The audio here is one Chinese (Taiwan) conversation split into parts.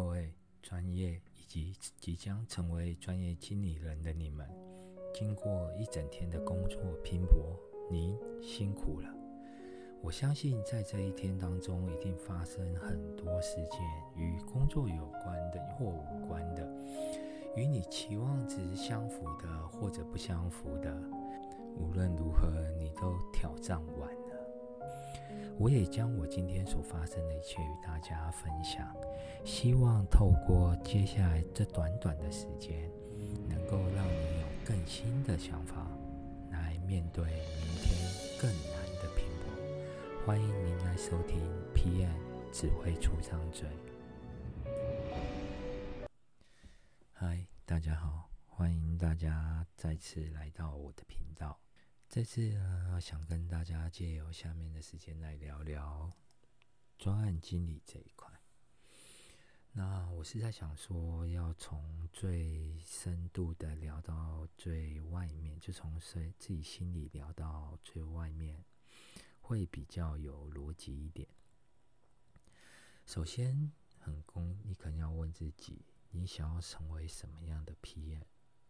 各位專業以及即將成為專業經理人的你們，經過一整天的工作拼搏，您辛苦了。我相信在這一天當中，一定發生很多事件與工作有關的或無關的，與你期望值相符的或者不相符的。無論如何，你都挑戰完。我也將我今天所發生的一切與大家分享，希望透過接下來這短短的時間，能夠讓你有更新的想法，來面對明天更難的拼搏。歡迎您來收聽 PM 只會出張嘴。嗨、嗯，嗯、Hi, 大家好，歡迎大家再次來到我的頻道。這次呢，想跟大家借由下面的時間來聊聊專案經理這一塊。那我是在想說，要從最深度的聊到最外面，就從自自己心裡聊到最外面，會比較有邏輯一點。首先，很公，你可能要問自己，你想要成為什麼樣的 PM？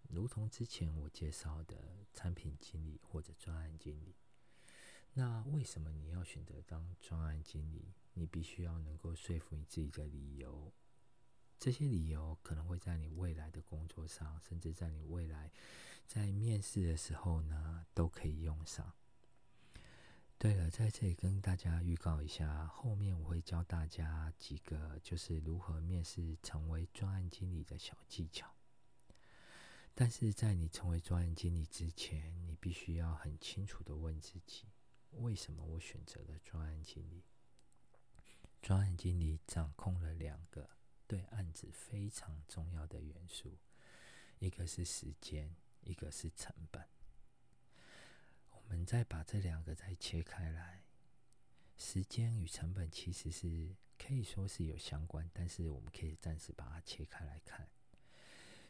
如同之前我介紹的產品經理或者專案經理，那為什麼你要選擇當專案經理？你必須要能夠說服你自己的理由。這些理由可能會在你未來的工作上，甚至在你未來在面試的時候呢，都可以用上。對了，在這裡跟大家預告一下，後面我會教大家幾個就是如何面試成為專案經理的小技巧。但是在你成為專案經理之前，你必須要很清楚地問自己：為什麼我選擇了專案經理？專案經理掌控了兩個對案子非常重要的元素，一個是時間，一個是成本。我們再把這兩個再切開來，時間與成本其實是可以說是有相關，但是我們可以暫時把它切開來看。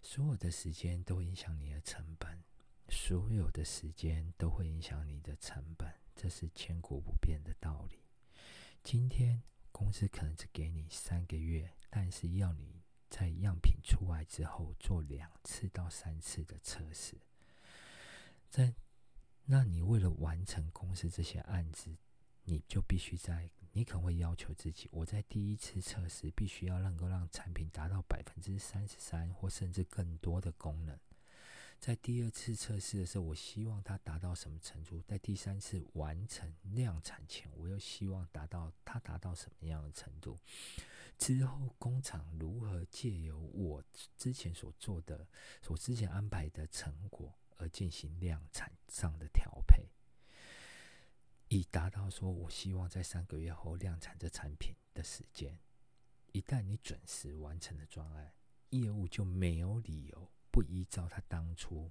所有的時間都影響你的成本，所有的時間都會影響你的成本，這是千古不變的道理。今天公司可能只給你三個月，但是要你在樣品出來之後做兩次到三次的測試，在那你為了完成公司這些案子，你就必須在。你可能會要求自己，我在第一次測試必須要能夠讓產品達到百分之三十三，或甚至更多的功能。在第二次測試的時候，我希望它達到什麼程度？在第三次完成量產前，我又希望達到它達到什麼樣的程度？之後工廠如何借由我之前所做的、我之前安排的成果，而進行量產上的調配？以達到說我希望在三個月後量產這產品的時間，一旦你準時完成了專案，業務就沒有理由不依照他當初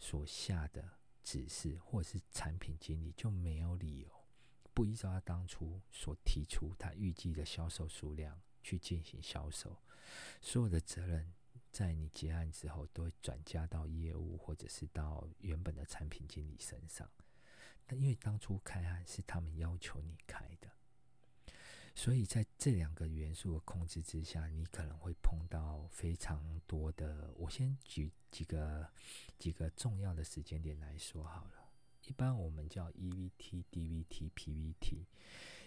所下的指示，或者是產品經理就沒有理由不依照他當初所提出他預計的銷售數量去進行銷售，所有的責任在你結案之後都會轉嫁到業務或者是到原本的產品經理身上。因為當初開案是他們要求你開的，所以在這兩個元素的控制之下，你可能會碰到非常多的。我先舉幾個幾個重要的時間點來說好了。一般我們叫 EVT、DVT、PVT。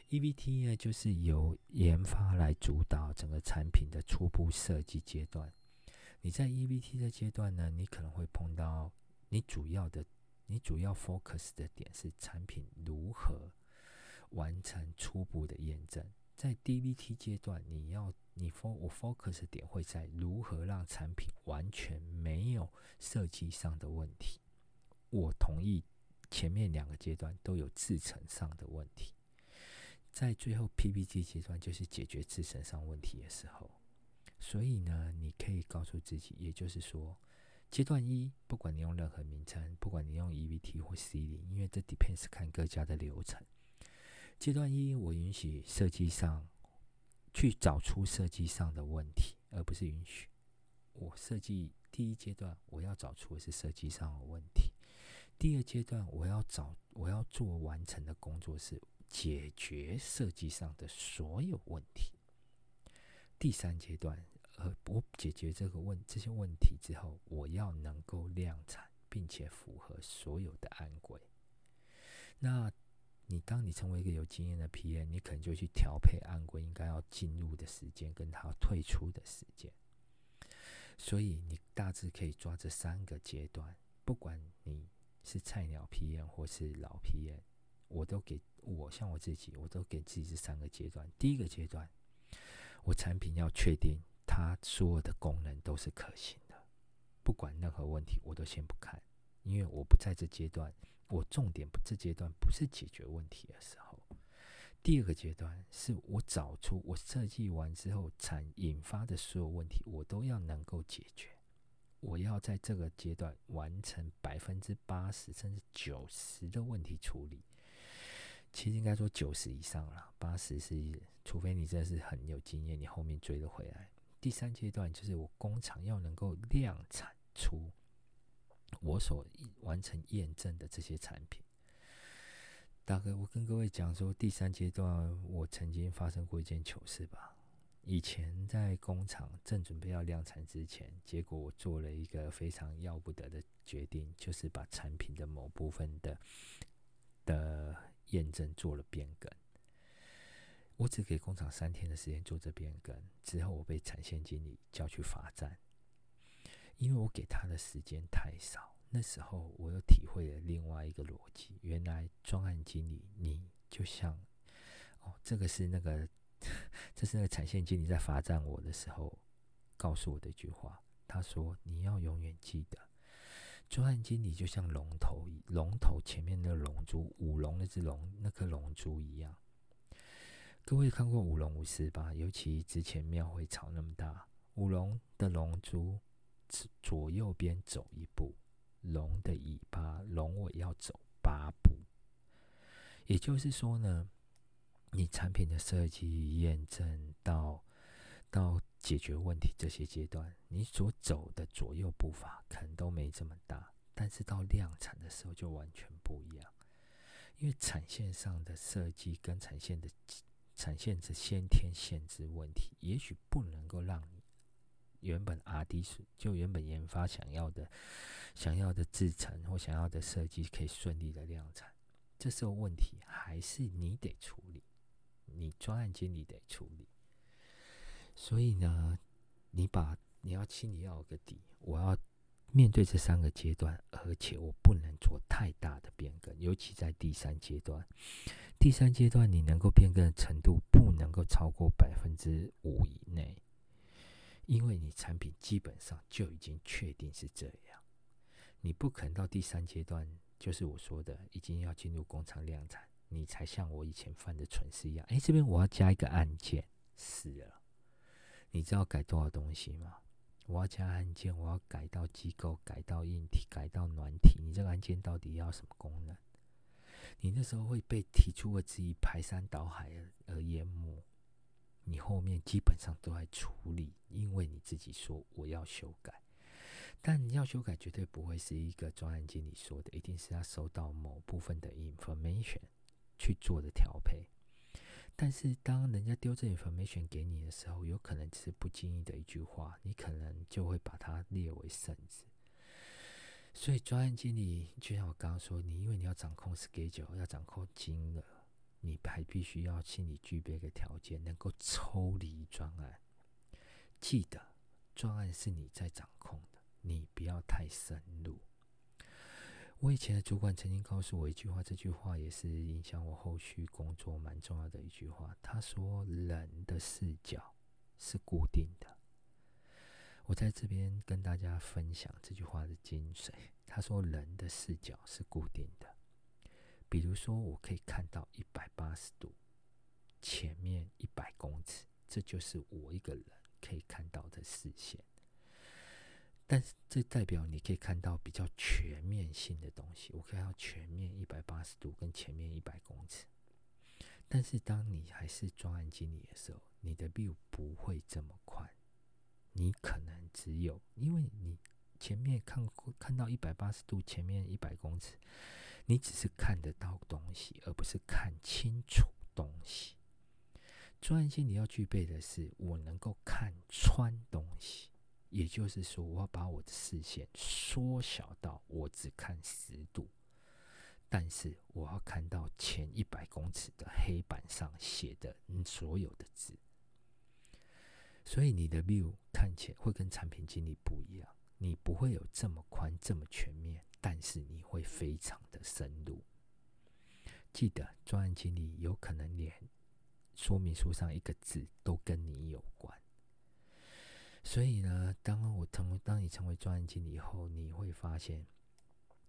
EVT 呢，就是由研發來主導整個產品的初步設計階段。你在 EVT 的階段呢，你可能會碰到你主要的。你主要 focus 的點是產品如何完成初步的驗證，在 DBT 階段，你要你我 focus 點會在如何讓產品完全沒有設計上的問題。我同意前面兩個階段都有製程上的問題，在最後 PPT 階段就是解決製程上問題的時候，所以呢，你可以告訴自己，也就是說。階段一，不管你用任何名稱，不管你用 EVT 或 CD，因為這 depends 看各家的流程。階段一，我允許設計上去找出設計上的問題，而不是允許我設計第一階段，我要找出的是設計上的問題。第二階段我要找，我要做完成的工作是解決設計上的所有問題。第三階段。我解決這個問這些問題之後，我要能夠量產，並且符合所有的安規。那，你當你成為一個有經驗的 PM，你可能就去調配安規應該要進入的時間，跟它退出的時間。所以你大致可以抓這三個階段，不管你是菜鳥 PM 或是老 PM，我都給我，像我自己，我都給自己這三個階段。第一個階段，我產品要確定。它所有的功能都是可行的，不管任何問題，我都先不看，因為我不在這階段，我重點不，這階段不是解決問題的時候。第二個階段是我找出我設計完之後產引發的所有問題，我都要能夠解決。我要在這個階段完成百分之八十甚至九十的問題處理，其實應該說九十以上了，八十是除非你真的是很有經驗，你後面追得回來。第三階段就是我工廠要能夠量產出我所完成驗證的這些產品。大哥，我跟各位講說，第三階段我曾經發生過一件糗事吧。以前在工廠正準備要量產之前，結果我做了一個非常要不得的決定，就是把產品的某部分的的驗證做了變更。我只給工廠三天的時間做這變更，之後我被產線經理叫去罰站，因為我給他的時間太少。那時候我又體會了另外一個邏輯，原來專案經理你就像……哦，這個是那個，這是那個產線經理在罰站我的時候告訴我的一句話。他說：“你要永遠記得，專案經理就像龍頭，龍頭前面的龍珠，舞龍那隻龍，那顆龍珠一樣。”各位看過舞龍舞獅吧？尤其之前廟會潮那麼大，舞龍的龍珠左左右邊走一步，龍的尾巴、龍尾要走八步。也就是說呢，你產品的設計、驗證到到解決問題這些階段，你所走的左右步伐可能都沒這麼大，但是到量產的時候就完全不一樣，因為產線上的設計跟產線的。呈現著先天限制、問題，也許不能夠讓你原本 RD 是就原本研發想要的，想要的製程，或想要的設計可以順利的量產，這時候問題，還是你得處理，你專案經理得處理。所以呢，你把你要清理，你要有個底，我要。面對這三個階段，而且我不能做太大的變更，尤其在第三階段。第三階段你能夠變更的程度不能夠超過百分之五以內，因為你產品基本上就已經確定是這樣。你不可能到第三階段，就是我說的已經要進入工廠量產，你才像我以前犯的蠢事一樣。哎，這邊我要加一個按鍵，死了！你知道改多少東西嗎？我要加按鍵，我要改到機構，改到硬體，改到軟體。你這個按鍵到底要什麼功能？你那時候會被提出的質疑，排山倒海而淹沒。你後面基本上都在處理，因為你自己說，我要修改。但你要修改絕對不會是一個專案經理說的，一定是他收到某部分的 information 去做的調配。但是當人家丟這 information 給你的時候，有可能只是不經意的一句話，你可能就會把它列為聖旨。所以專案經理，就像我剛剛說，你因為你要掌控 schedule，要掌控金額，你還必須要心裡具備一個條件，能夠抽離專案。記得專案是你在掌控的，你不要太深入。我以前的主管曾經告訴我一句話，這句話也是影響我後續工作蠻重要的一句話。他說：“人的視角是固定的。”我在這邊跟大家分享這句話的精髓。他說：“人的視角是固定的，比如說，我可以看到一百八十度，前面一百公尺，這就是我一個人可以看到的視線。”但是這代表你可以看到比較全面性的東西，我可以看到全面一百八十度跟前面一百公尺。但是當你還是專案經理的時候，你的 view 不會這麼快，你可能只有因為你前面看過、看到一百八十度、前面一百公尺，你只是看得到東西，而不是看清楚東西。專案經理要具備的是我能夠看穿東西。也就是說，我要把我的視線縮小到我只看十度，但是我要看到前一百公尺的黑板上寫的你所有的字。所以你的 view 看起來會跟產品經理不一樣，你不會有這麼寬這麼全面，但是你會非常的深入。記得，專案經理有可能連說明書上一個字都跟你有關。所以呢，當我成為，當你成為專案經理以後，你會發現，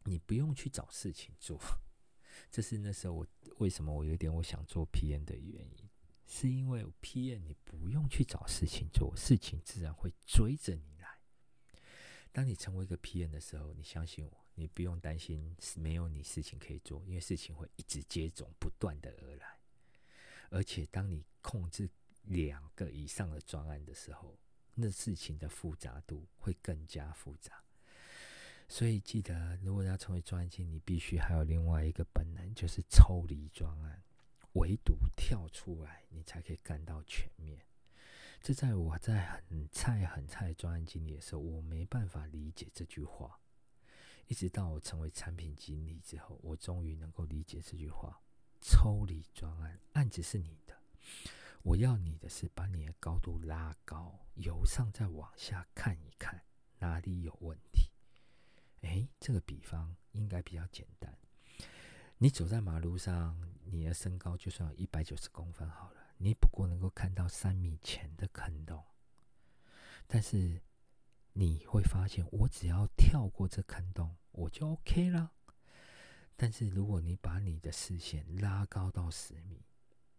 你不用去找事情做。這是那時候我為什麼我有點我想做 PM 的原因，是因為 PM 你不用去找事情做，事情自然會追着你來。當你成為一個 PM 的時候，你相信我，你不用擔心沒有你事情可以做，因為事情會一直接踵不斷的而來。而且，當你控制兩個以上的專案的時候，那事情的複雜度會更加複雜，所以記得，如果要成為專案經理，你必須還有另外一個本能，就是抽離專案，唯獨跳出來，你才可以幹到全面。這在我在很菜、很菜專案經理的時候，我沒辦法理解這句話。一直到我成為產品經理之後，我終於能夠理解這句話：抽離專案，案子是你的。我要你的是把你的高度拉高，由上再往下看一看哪裡有問題。誒，這個比方應該比較簡單。你走在馬路上，你的身高就算有一百九十公分好了，你不過能夠看到三米前的坑洞。但是你會發現，我只要跳過這坑洞，我就 OK 了。但是如果你把你的視線拉高到十米，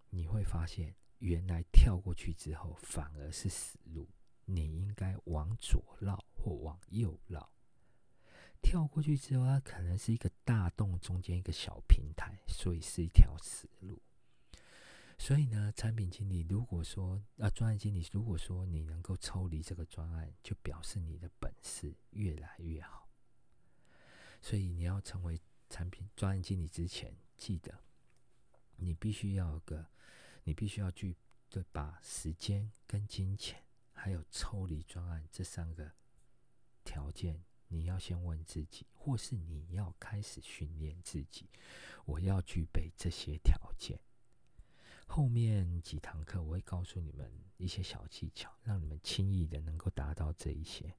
你會發現。原來跳過去之後，反而是死路。你應該往左繞或往右繞。跳過去之後它可能是一個大洞，中間一個小平台，所以是一條死路。所以呢，產品經理如果說啊、呃，專案經理如果說你能夠抽離這個專案，就表示你的本事越來越好。所以你要成為產品專案經理之前，記得你必須要有個。你必須要具備把時間、跟金錢，還有抽離專案這三個條件，你要先問自己，或是你要開始訓練自己，我要具備這些條件。後面幾堂課我會告訴你們一些小技巧，讓你們輕易的能夠達到這一些。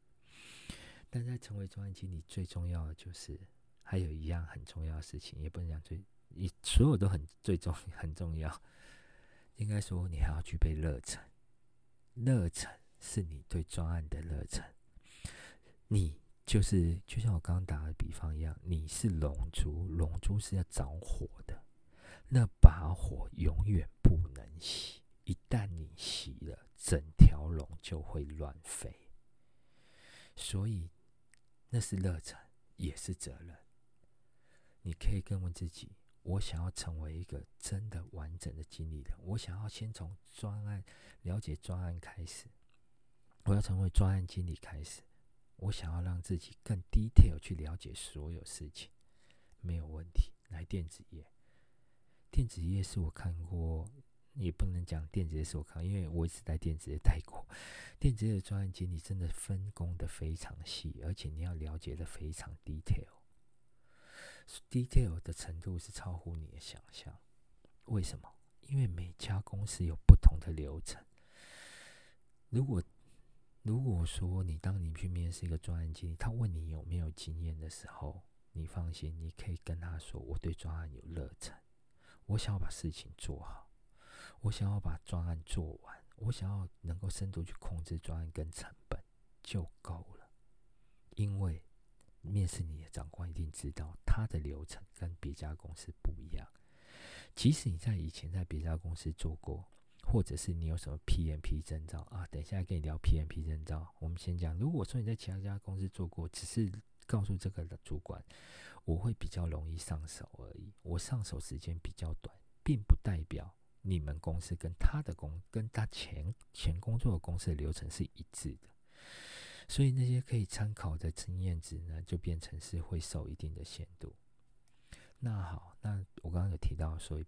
但在成為專案經理最重要的，就是還有一樣很重要的事情，也不能講最，也所有都很最重要很重要。應該說，你還要具備熱忱。熱忱是你對專案的熱忱。你就是就像我剛剛打的比方一樣，你是龍珠，龍珠是要着火的，那把火永遠不能熄。一旦你熄了，整條龍就會亂飛。所以，那是熱忱，也是責任。你可以更問自己。我想要成為一個真的完整的經理人。我想要先從專案了解專案開始，我要成為專案經理開始。我想要讓自己更 detail 去了解所有事情，沒有問題。來電子業，電子業是我看過，也不能講電子業是我看，因為我一直在電子業待過。電子業的專案經理真的分工得非常細，而且你要了解得非常 detail。detail 的程度是超乎你的想象，為什麼？因為每家公司有不同的流程。如果如果說你當你去面試一個專案經理，他問你有沒有經驗的時候，你放心，你可以跟他說：我對專案有熱忱，我想要把事情做好，我想要把專案做完，我想要能夠深度去控制專案跟成本就夠了。因為。面試你的長官一定知道他的流程跟別家公司不一樣。即使你在以前在別家公司做過，或者是你有什麼 PMP 證照啊，等一下跟你聊 PMP 證照。我們先講，如果說你在其他家公司做過，只是告訴這個的主管，我會比較容易上手而已，我上手時間比較短，並不代表你們公司跟他的工跟他前前工作的公司的流程是一致的。所以那些可以參考的經驗值呢，就變成是會受一定的限度。那好，那我剛剛有提到，所以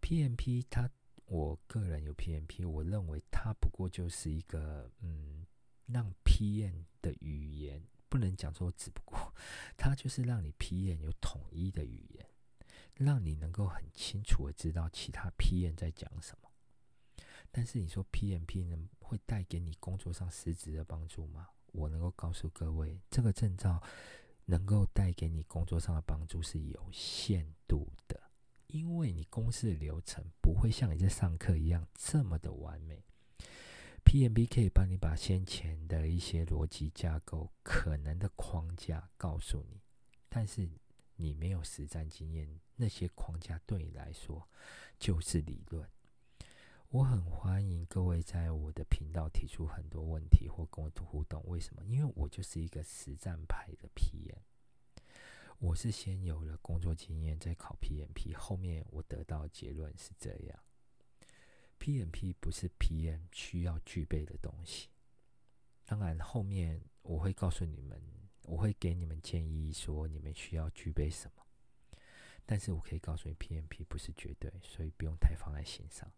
PMP，PMP 它，我個人有 PMP，我認為它不過就是一個嗯，讓 PM 的語言不能講說，只不過它就是讓你 PM 有統一的語言，讓你能夠很清楚地知道其他 PM 在講什麼。但是你說 PMP 能？會帶給你工作上實質的幫助嗎？我能夠告訴各位，這個證照能夠帶給你工作上的幫助是有限度的，因為你公司的流程不會像你在上課一樣這麼的完美。PMBOK 可以幫你把先前的一些邏輯架構、可能的框架告訴你，但是你沒有實戰經驗，那些框架對你來說就是理論。我很歡迎各位在我的頻道提出很多問題或跟我的互動。為什麼？因為我就是一個實戰派的 PM 我是先有了工作經驗，再考 PMP。後面我得到的結論是這樣：PMP 不是 PM 需要具備的東西。當然後面我會告訴你們，我會給你們建議說你們需要具備什麼。但是我可以告訴你，PMP 不是絕對，所以不用太放在心上。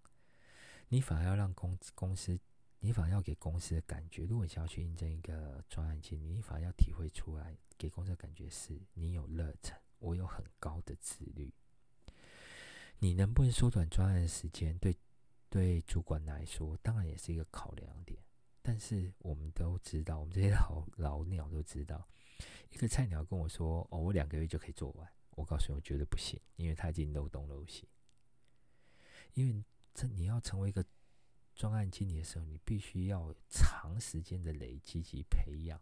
你反而要讓公司公司，你反而要給公司的感覺。如果你想要去應徵一個專案件，件你反而要體會出來，給公司的感覺是，你有熱忱，我有很高的自律。你能不能縮短專案的時間？對，對主管來說，當然也是一個考量點。但是我們都知道，我們這些老老鳥都知道，一個菜鳥跟我說：“哦，我兩個月就可以做完。”我告訴你，我絕對不行，因為他已經漏東漏西，因為。你要成為一個專案經理的時候，你必須要長時間的累積及培養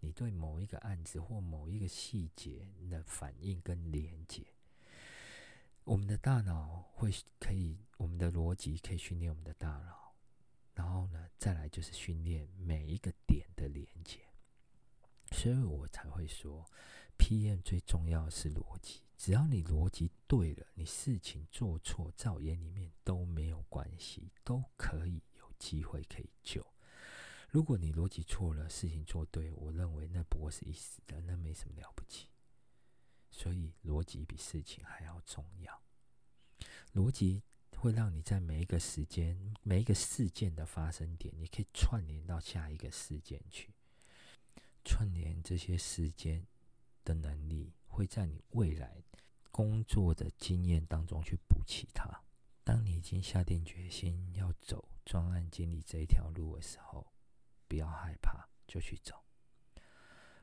你對某一個案子或某一個細節的反應跟連接。我們的大腦會可以，我們的邏輯可以訓練我們的大腦，然後呢，再來就是訓練每一個點的連接。所以我才會說，PM 最重要是邏輯。只要你邏輯對了，你事情做錯，在我眼裡面都沒有關係，都可以有機會可以救。如果你邏輯錯了，事情做對，我認為那不過是一時的，那沒什麼了不起。所以邏輯比事情還要重要。邏輯會讓你在每一個時間、每一個事件的發生點，你可以串聯到下一個事件去，串聯這些時間的能力，會在你未來。工作的經驗當中去補齊它。當你已經下定決心要走專案經理這一條路的時候，不要害怕，就去走。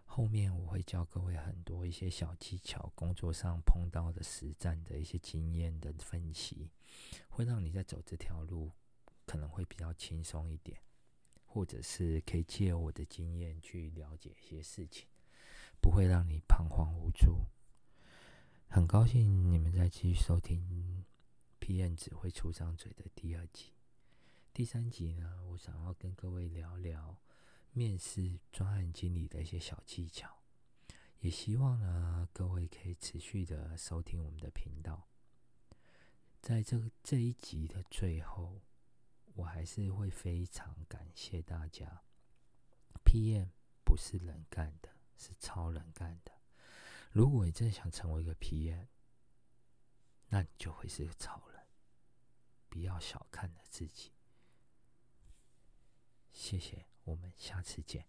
後面我會教各位很多一些小技巧，工作上碰到的實戰的一些經驗的分析，會讓你在走這條路可能會比較輕鬆一點，或者是可以借我的經驗去了解一些事情，不會讓你彷徨無助。很高興你們再繼續收聽 PM 只會出張嘴的第二集。第三集呢，我想要跟各位聊聊面試專案經理的一些小技巧，也希望呢，各位可以持續的收聽我們的頻道。在這這一集的最後，我還是會非常感謝大家。PM 不是人幹的，是超人幹的。如果你真的想成為一個 PM，那你就會是個超人。不要小看了自己。謝謝，我們下次見。